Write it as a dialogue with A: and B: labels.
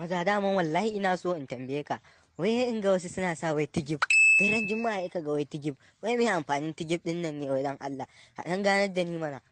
A: maza dama wallahi ina so in tambaye ka wai in ga wasu suna sa wai tigib sai jumma'a ya ga wai tigib wai mai amfanin tigib din nan ne wai dan Allah a ganar da ni mana